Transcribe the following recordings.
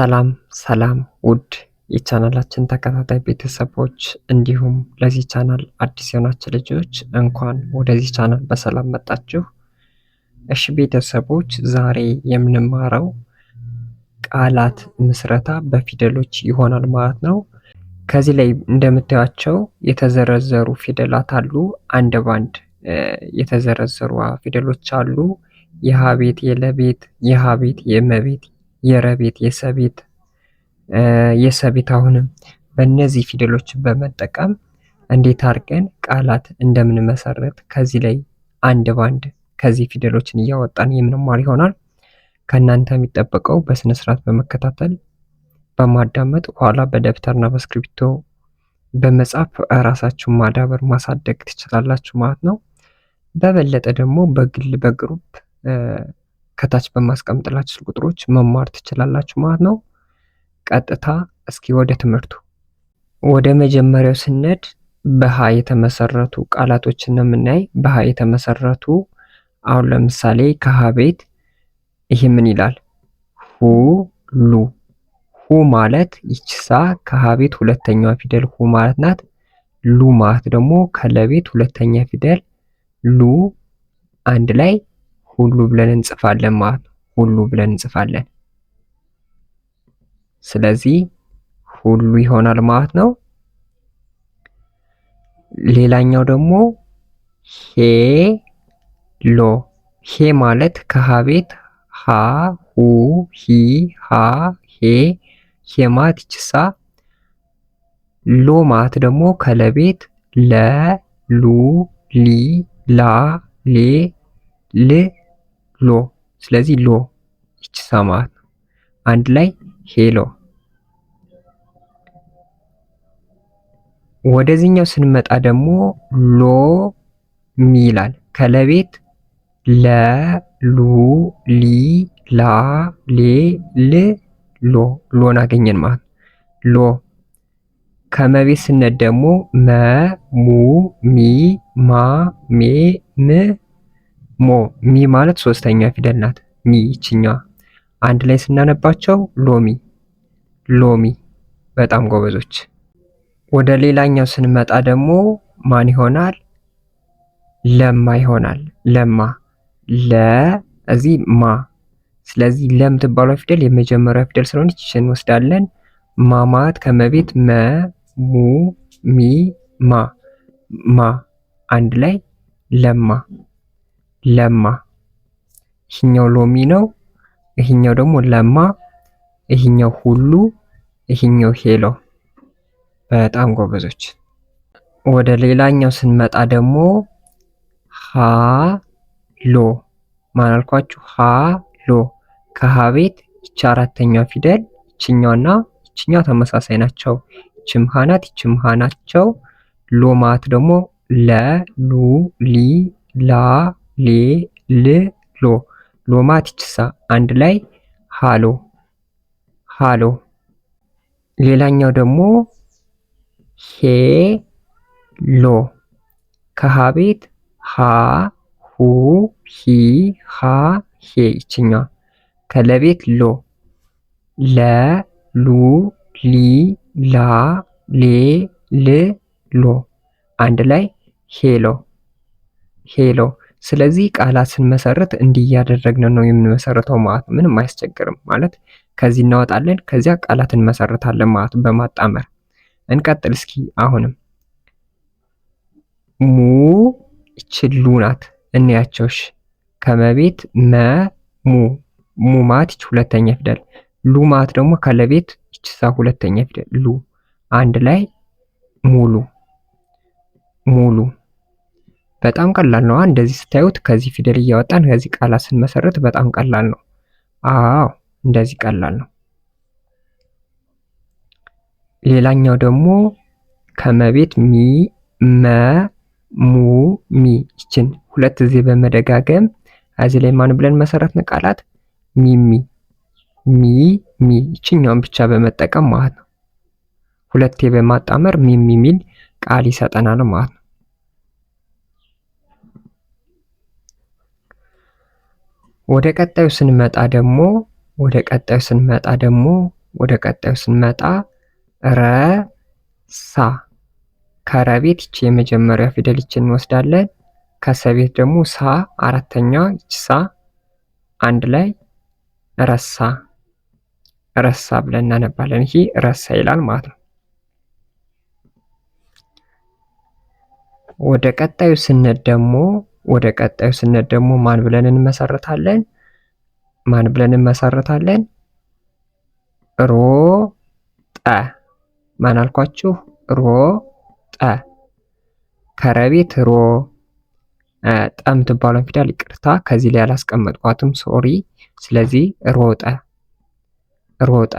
ሰላም ሰላም ውድ የቻናላችን ተከታታይ ቤተሰቦች እንዲሁም ለዚህ ቻናል አዲስ የሆናችሁ ልጆች እንኳን ወደዚህ ቻናል በሰላም መጣችሁ። እሺ ቤተሰቦች ዛሬ የምንማረው ቃላት ምስረታ በፊደሎች ይሆናል ማለት ነው። ከዚህ ላይ እንደምታያቸው የተዘረዘሩ ፊደላት አሉ። አንድ ባንድ የተዘረዘሩ ፊደሎች አሉ። የሀ ቤት የለቤት፣ የሀ ቤት የመቤት፣ የረቤት፣ የሰቤት፣ የሰቤት አሁንም በእነዚህ ፊደሎች በመጠቀም እንዴት አድርገን ቃላት እንደምንመሰረት ከዚህ ላይ አንድ ባንድ ከዚህ ፊደሎችን እያወጣን የምንማር ይሆናል። ከእናንተ የሚጠበቀው በስነስርዓት በመከታተል በማዳመጥ ኋላ በደብተርና በእስክሪብቶ በመጻፍ ራሳችሁን ማዳበር ማሳደግ ትችላላችሁ ማለት ነው። በበለጠ ደግሞ በግል በግሩፕ ከታች በማስቀምጥላችሁ ስልክ ቁጥሮች መማር ትችላላችሁ ማለት ነው። ቀጥታ እስኪ ወደ ትምህርቱ ወደ መጀመሪያው ስነድ በሀ የተመሰረቱ ቃላቶችን ነው የምናይ። በሀ የተመሰረቱ አሁን ለምሳሌ ከሀ ቤት ይህ ምን ይላል? ሁ ሉ ሁ ማለት ይችሳ ከሀ ቤት ሁለተኛዋ ፊደል ሁ ማለት ናት። ሉ ማለት ደግሞ ከለቤት ሁለተኛ ፊደል ሉ አንድ ላይ ሁሉ ብለን እንጽፋለን ማለት ነው። ሁሉ ብለን እንጽፋለን። ስለዚህ ሁሉ ይሆናል ማለት ነው። ሌላኛው ደግሞ ሄ ሎ ሄ ማለት ከሀ ቤት ሀ ሁ ሂ ሃ ሄ ሄ ማለት ይችሳ ሎ ማለት ደግሞ ከለቤት ለ ሉ ሊ ላ ሌ ል ሎ ስለዚህ ሎ ይቺ ሰማት ነው። አንድ ላይ ሄሎ። ወደዚህኛው ስንመጣ ደግሞ ሎ ሚላል ከለቤት ለ ሉ ሊ ላ ሌ ል ሎ ሎን አገኘን ማለት ነው። ሎ ከመቤት ስነት ደግሞ መ ሙ ሚ ማ ሜ ም ሞ ሚ ማለት ሶስተኛ ፊደል ናት። ሚ ይችኛ አንድ ላይ ስናነባቸው ሎሚ ሎሚ። በጣም ጎበዞች። ወደ ሌላኛው ስንመጣ ደግሞ ማን ይሆናል? ለማ ይሆናል። ለማ ለ እዚህ ማ ስለዚህ ለምትባለው ፊደል የመጀመሪያ ፊደል ስለሆነች ይችን እንወስዳለን። ማማት ከመቤት መ ሙ ሚ ማ ማ አንድ ላይ ለማ ለማ። ይህኛው ሎሚ ነው። ይህኛው ደግሞ ለማ። ይህኛው ሁሉ። ይህኛው ሄሎ። በጣም ጎበዞች። ወደ ሌላኛው ስንመጣ ደግሞ ሀ ሎ ማናልኳችሁ ሀ ሎ ከሀ ቤት ይቺ አራተኛዋ ፊደል ይችኛዋና ይችኛው ተመሳሳይ ናቸው። ይችም ሀ ናት፣ ይችም ሀ ናቸው። ሎ ማለት ደግሞ ለ ሉ ሊ ላ ሌ ል ሎ ሎማ አንድ ላይ ሃሎ ሃሎ። ሌላኛው ደግሞ ሄ ሎ ከሃ ሀ ሁ ሂ ሃ ሄ ይችኛ ከለቤት ሎ ለ ሉ ሊ ላ ሌ ል ሎ አንድ ላይ ሄሎ ሄሎ ስለዚህ ቃላት ስንመሰርት እንዲህ እያደረግን ነው የምንመሰረተው ማለት ምንም አያስቸግርም ማለት ከዚህ እናወጣለን፣ ከዚያ ቃላት እንመሰርታለን ማለት በማጣመር እንቀጥል። እስኪ አሁንም ሙ ይችሉ ናት እንያቸውሽ ከመቤት መ ሙ ሙ ማት ይች ሁለተኛ ፊደል ሉ ማት ደግሞ ከለቤት ይችሳ ሁለተኛ ፊደል ሉ አንድ ላይ ሙሉ ሙሉ በጣም ቀላል ነው። እንደዚህ ስታዩት ከዚህ ፊደል እያወጣን ከዚህ ቃላት ስንመሰርት በጣም ቀላል ነው። አዎ እንደዚህ ቀላል ነው። ሌላኛው ደግሞ ከመቤት ሚ መ ሙ ሚ ይችን ሁለት ጊዜ በመደጋገም እዚህ ላይ ማን ብለን መሰረትን ቃላት ሚሚ ሚ ሚ ይችኛውን ብቻ በመጠቀም ማለት ነው። ሁለቴ በማጣመር ሚሚ ሚል ቃል ይሰጠናል ማለት ነው። ወደ ቀጣዩ ስንመጣ ደግሞ ወደ ቀጣዩ ስንመጣ ደግሞ ወደ ቀጣዩ ስንመጣ ረሳ ከረቤት ይቺ የመጀመሪያ ፊደል ይችን እንወስዳለን። ከሰቤት ደግሞ ሳ አራተኛዋ ይች ሳ አንድ ላይ ረሳ ረሳ ብለን እናነባለን። ይሄ ረሳ ይላል ማለት ነው። ወደ ቀጣዩ ስንሄድ ደግሞ ወደ ቀጣዩ ስነት ደግሞ ማን ብለን እንመሰረታለን? ማን ብለን እንመሰረታለን? ሮ ጠ ማን አልኳችሁ? ሮጠ። ከረቤት ሮ ጠ የምትባለውን ፊደል ይቅርታ፣ ከዚህ ላይ አላስቀመጥኳትም፣ ሶሪ። ስለዚህ ሮጠ ሮጠ።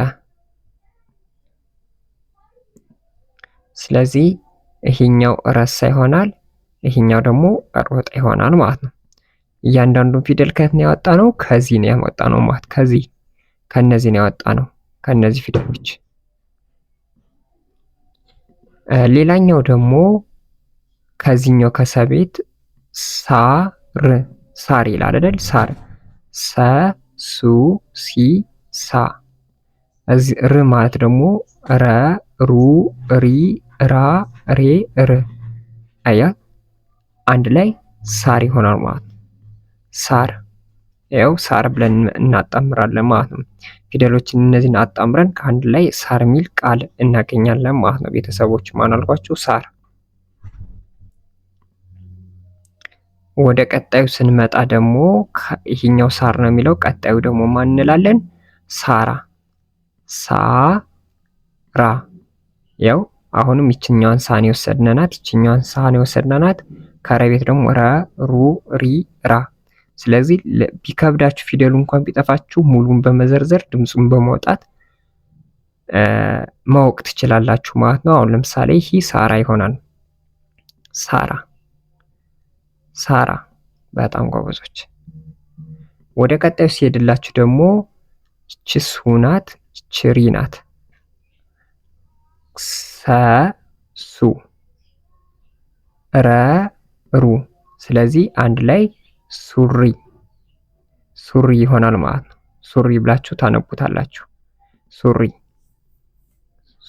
ስለዚህ ይሄኛው ረሳ ይሆናል። ይሄኛው ደግሞ ሮጠ ይሆናል ማለት ነው። እያንዳንዱን ፊደል ከየት ነው ያወጣ ነው? ከዚህ ነው ያወጣ ነው ማለት ከዚህ ከነዚህ ነው ያወጣ ነው ከነዚህ ፊደሎች። ሌላኛው ደግሞ ከዚህኛው ከሰቤት ሳር ሳር ይላል አይደል? ሳር ሰ ሱ ሲ ሳ እዚህ ር ማለት ደግሞ ረ ሩ ሪ ራ ሬ ር አያ አንድ ላይ ሳር ይሆናል ማለት ነው። ሳር ያው ሳር ብለን እናጣምራለን ማለት ነው። ፊደሎችን እነዚህን አጣምረን ከአንድ ላይ ሳር የሚል ቃል እናገኛለን ማለት ነው። ቤተሰቦች ማን አልኳችሁ? ሳር። ወደ ቀጣዩ ስንመጣ ደግሞ ይህኛው ሳር ነው የሚለው ቀጣዩ ደግሞ ማን እንላለን? ሳራ፣ ሳራ። ያው አሁንም ይችኛዋን ሳን የወሰድነናት ይችኛዋን ሳን የወሰድነናት ከረ ቤት ደግሞ ረ፣ ሩ፣ ሪ፣ ራ። ስለዚህ ቢከብዳችሁ ፊደሉ እንኳን ቢጠፋችሁ ሙሉን በመዘርዘር ድምፁን በማውጣት ማወቅ ትችላላችሁ ማለት ነው። አሁን ለምሳሌ ይህ ሳራ ይሆናል። ሳራ ሳራ። በጣም ጎበዞች። ወደ ቀጣዩ ሲሄድላችሁ ደግሞ ሱ ናት፣ ችሪ ናት። ሰ ሱ ረ ሩ። ስለዚህ አንድ ላይ ሱሪ ሱሪ ይሆናል ማለት ነው። ሱሪ ብላችሁ ታነቡታላችሁ። ሱሪ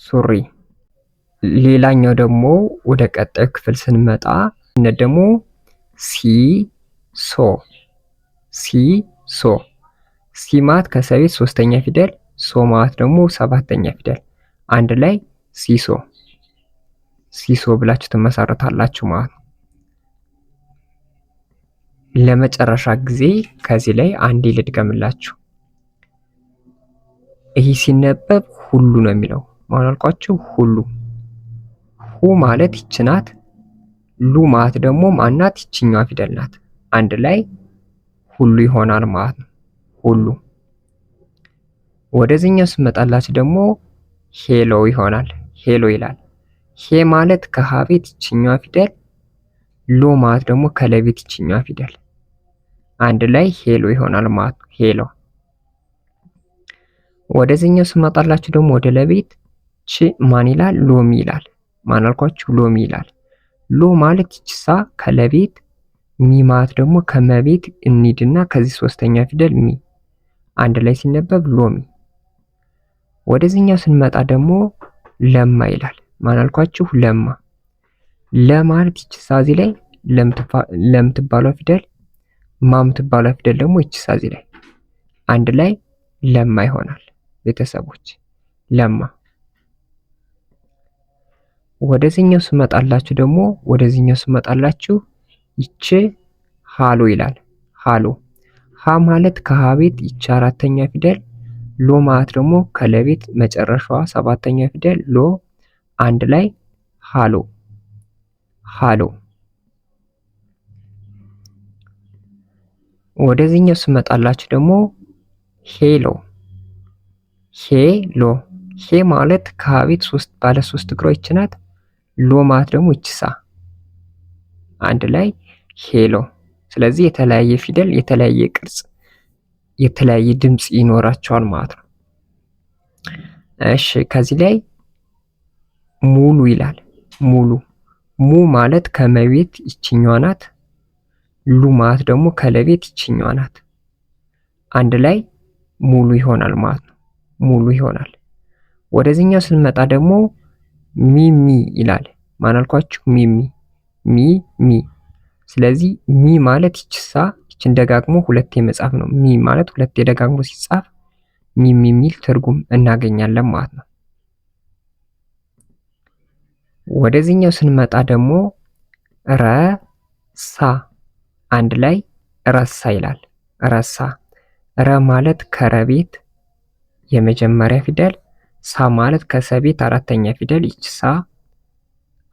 ሱሪ። ሌላኛው ደግሞ ወደ ቀጣዩ ክፍል ስንመጣ እነ ደግሞ ሲ ሶ ሲ ሶ ሲ ማት ከሰቤት ሶስተኛ ፊደል ሶ ማት ደግሞ ሰባተኛ ፊደል አንድ ላይ ሲሶ ሲሶ ብላችሁ ትመሰርታላችሁ ማለት ነው። ለመጨረሻ ጊዜ ከዚህ ላይ አንዴ ልድገምላችሁ። ይህ ሲነበብ ሁሉ ነው የሚለው ማላልኳችሁ ሁሉ ሁ ማለት ይች ናት። ሉ ማለት ደግሞ ማናት? ይችኛዋ ፊደል ናት። አንድ ላይ ሁሉ ይሆናል ማለት ነው። ሁሉ ወደዚህኛው ስመጣላችሁ ደግሞ ሄሎ ይሆናል። ሄሎ ይላል። ሄ ማለት ከሀቤት ይችኛዋ ፊደል ሎ ማለት ደግሞ ከለቤት ይችኛዋ ፊደል አንድ ላይ ሄሎ ይሆናል ማለት ሄሎ። ወደዚህኛው ስመጣላችሁ ደግሞ ወደ ለቤት ች ማን ይላል? ሎሚ ይላል። ማን አልኳችሁ? ሎሚ ይላል። ሎ ማለት ችሳ ከለቤት ሚ ማለት ደግሞ ከመቤት እኒድና ከዚህ ሶስተኛ ፊደል ሚ አንድ ላይ ሲነበብ ሎሚ። ወደዚህኛው ስንመጣ ደግሞ ለማ ይላል። ማን አልኳችሁ? ለማ። ለማለት ይችሳ እዚህ ላይ ለምትባለው ፊደል ማም ትባለው ፊደል ደግሞ ይቺ ሳዚ ላይ አንድ ላይ ለማ ይሆናል። ቤተሰቦች ለማ። ወደዚህኛው ስመጣላችሁ ደግሞ ወደዚህኛው ስመጣላችሁ ይቺ ሃሎ ይላል። ሃሎ ሃ ማለት ከሃቤት ቤት አራተኛ ፊደል፣ ሎ ማለት ደግሞ ከለቤት መጨረሻዋ ሰባተኛ ፊደል ሎ አንድ ላይ ሃሎ ሃሎ ወደዚህኛው ስመጣላችሁ ደግሞ ሄሎ ሄሎ ሄ ማለት ከሀቤት ሶስት ባለ ሶስት እግሮች ናት። ሎ ማለት ደግሞ እችሳ አንድ ላይ ሄሎ። ስለዚህ የተለያየ ፊደል የተለያየ ቅርጽ የተለያየ ድምፅ ይኖራቸዋል ማለት ነው። እሺ ከዚህ ላይ ሙሉ ይላል። ሙሉ ሙ ማለት ከመቤት ይችኛዋ ናት። ሉ ማለት ደግሞ ከለቤት ይችኛዋ ናት። አንድ ላይ ሙሉ ይሆናል ማለት ነው። ሙሉ ይሆናል። ወደዚህኛው ስንመጣ ደግሞ ሚሚ ይላል። ማን አልኳችሁ? ሚሚ ሚ ሚ። ስለዚህ ሚ ማለት ይችሳ ይችን ደጋግሞ ሁለቴ መጻፍ ነው። ሚ ማለት ሁለቴ ደጋግሞ ሲጻፍ ሚሚ የሚል ትርጉም እናገኛለን ማለት ነው። ወደዚህኛው ስንመጣ ደግሞ ረሳ አንድ ላይ ረሳ ይላል። ረሳ ረ ማለት ከረቤት የመጀመሪያ ፊደል፣ ሳ ማለት ከሰቤት አራተኛ ፊደል። ይች ሳ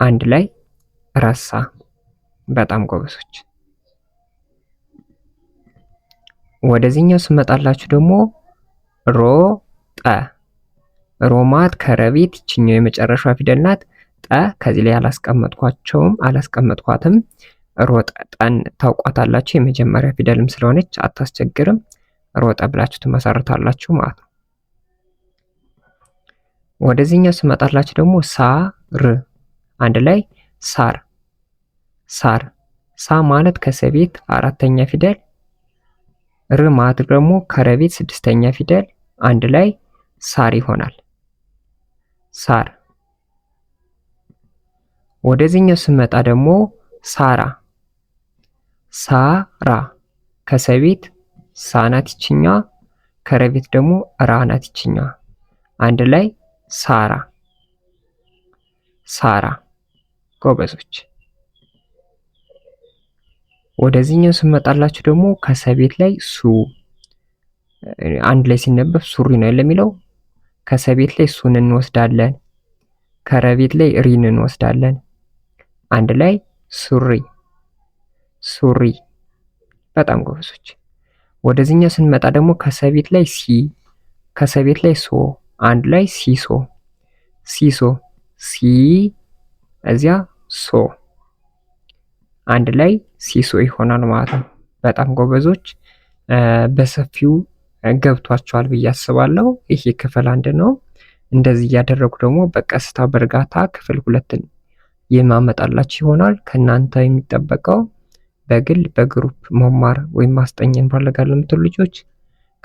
አንድ ላይ ረሳ። በጣም ጎበሶች። ወደዚህኛው ስመጣላችሁ ደግሞ ጠ ሮማት ከረቤት ይችኛው የመጨረሻ ፊደል ናት። ጠ ከዚህ ላይ አላስቀመጥኳቸውም አላስቀመጥኳትም። ሮጠ ጠን ታውቋታላችሁ። የመጀመሪያ ፊደልም ስለሆነች አታስቸግርም። ሮጠ ብላችሁ ትመሰርታላችሁ ማለት ነው። ወደዚህኛው ስመጣላችሁ ደግሞ ሳር አንድ ላይ ሳር ሳር ሳ ማለት ከሰቤት አራተኛ ፊደል ር ማለት ደግሞ ከረቤት ስድስተኛ ፊደል አንድ ላይ ሳር ይሆናል። ሳር ወደዚህኛው ስመጣ ደግሞ ሳራ ሳራ ከሰቤት ሳ ናት ይችኛዋ። ከረቤት ደግሞ ራ ናት ይችኛዋ። አንድ ላይ ሳራ ሳራ። ጎበዞች። ወደዚህኛው ስመጣላችሁ ደግሞ ከሰቤት ላይ ሱ አንድ ላይ ሲነበብ ሱሪ ነው ለሚለው ከሰቤት ላይ ሱን እንወስዳለን። ከረቤት ላይ ሪን እንወስዳለን። አንድ ላይ ሱሪ ሱሪ። በጣም ጎበዞች። ወደዚህኛ ስንመጣ ደግሞ ከሰቤት ላይ ሲ፣ ከሰቤት ላይ ሶ፣ አንድ ላይ ሲሶ፣ ሲሶ፣ ሲ እዚያ ሶ፣ አንድ ላይ ሲሶ ይሆናል ማለት ነው። በጣም ጎበዞች። በሰፊው ገብቷቸዋል ብዬ አስባለሁ። ይሄ ክፍል አንድ ነው። እንደዚህ እያደረጉ ደግሞ በቀስታ በእርጋታ ክፍል ሁለትን የማመጣላችሁ ይሆናል። ከእናንተ የሚጠበቀው በግል በግሩፕ መማር ወይም ማስጠኘን እንፈልጋለን የምትሉ ልጆች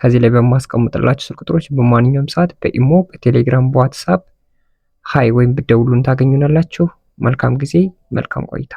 ከዚህ ላይ በማስቀምጥላቸው ስልክ ቁጥሮች በማንኛውም ሰዓት በኢሞ፣ በቴሌግራም፣ በዋትሳፕ ሀይ ወይም ብደውሉን ታገኙናላችሁ። መልካም ጊዜ፣ መልካም ቆይታ።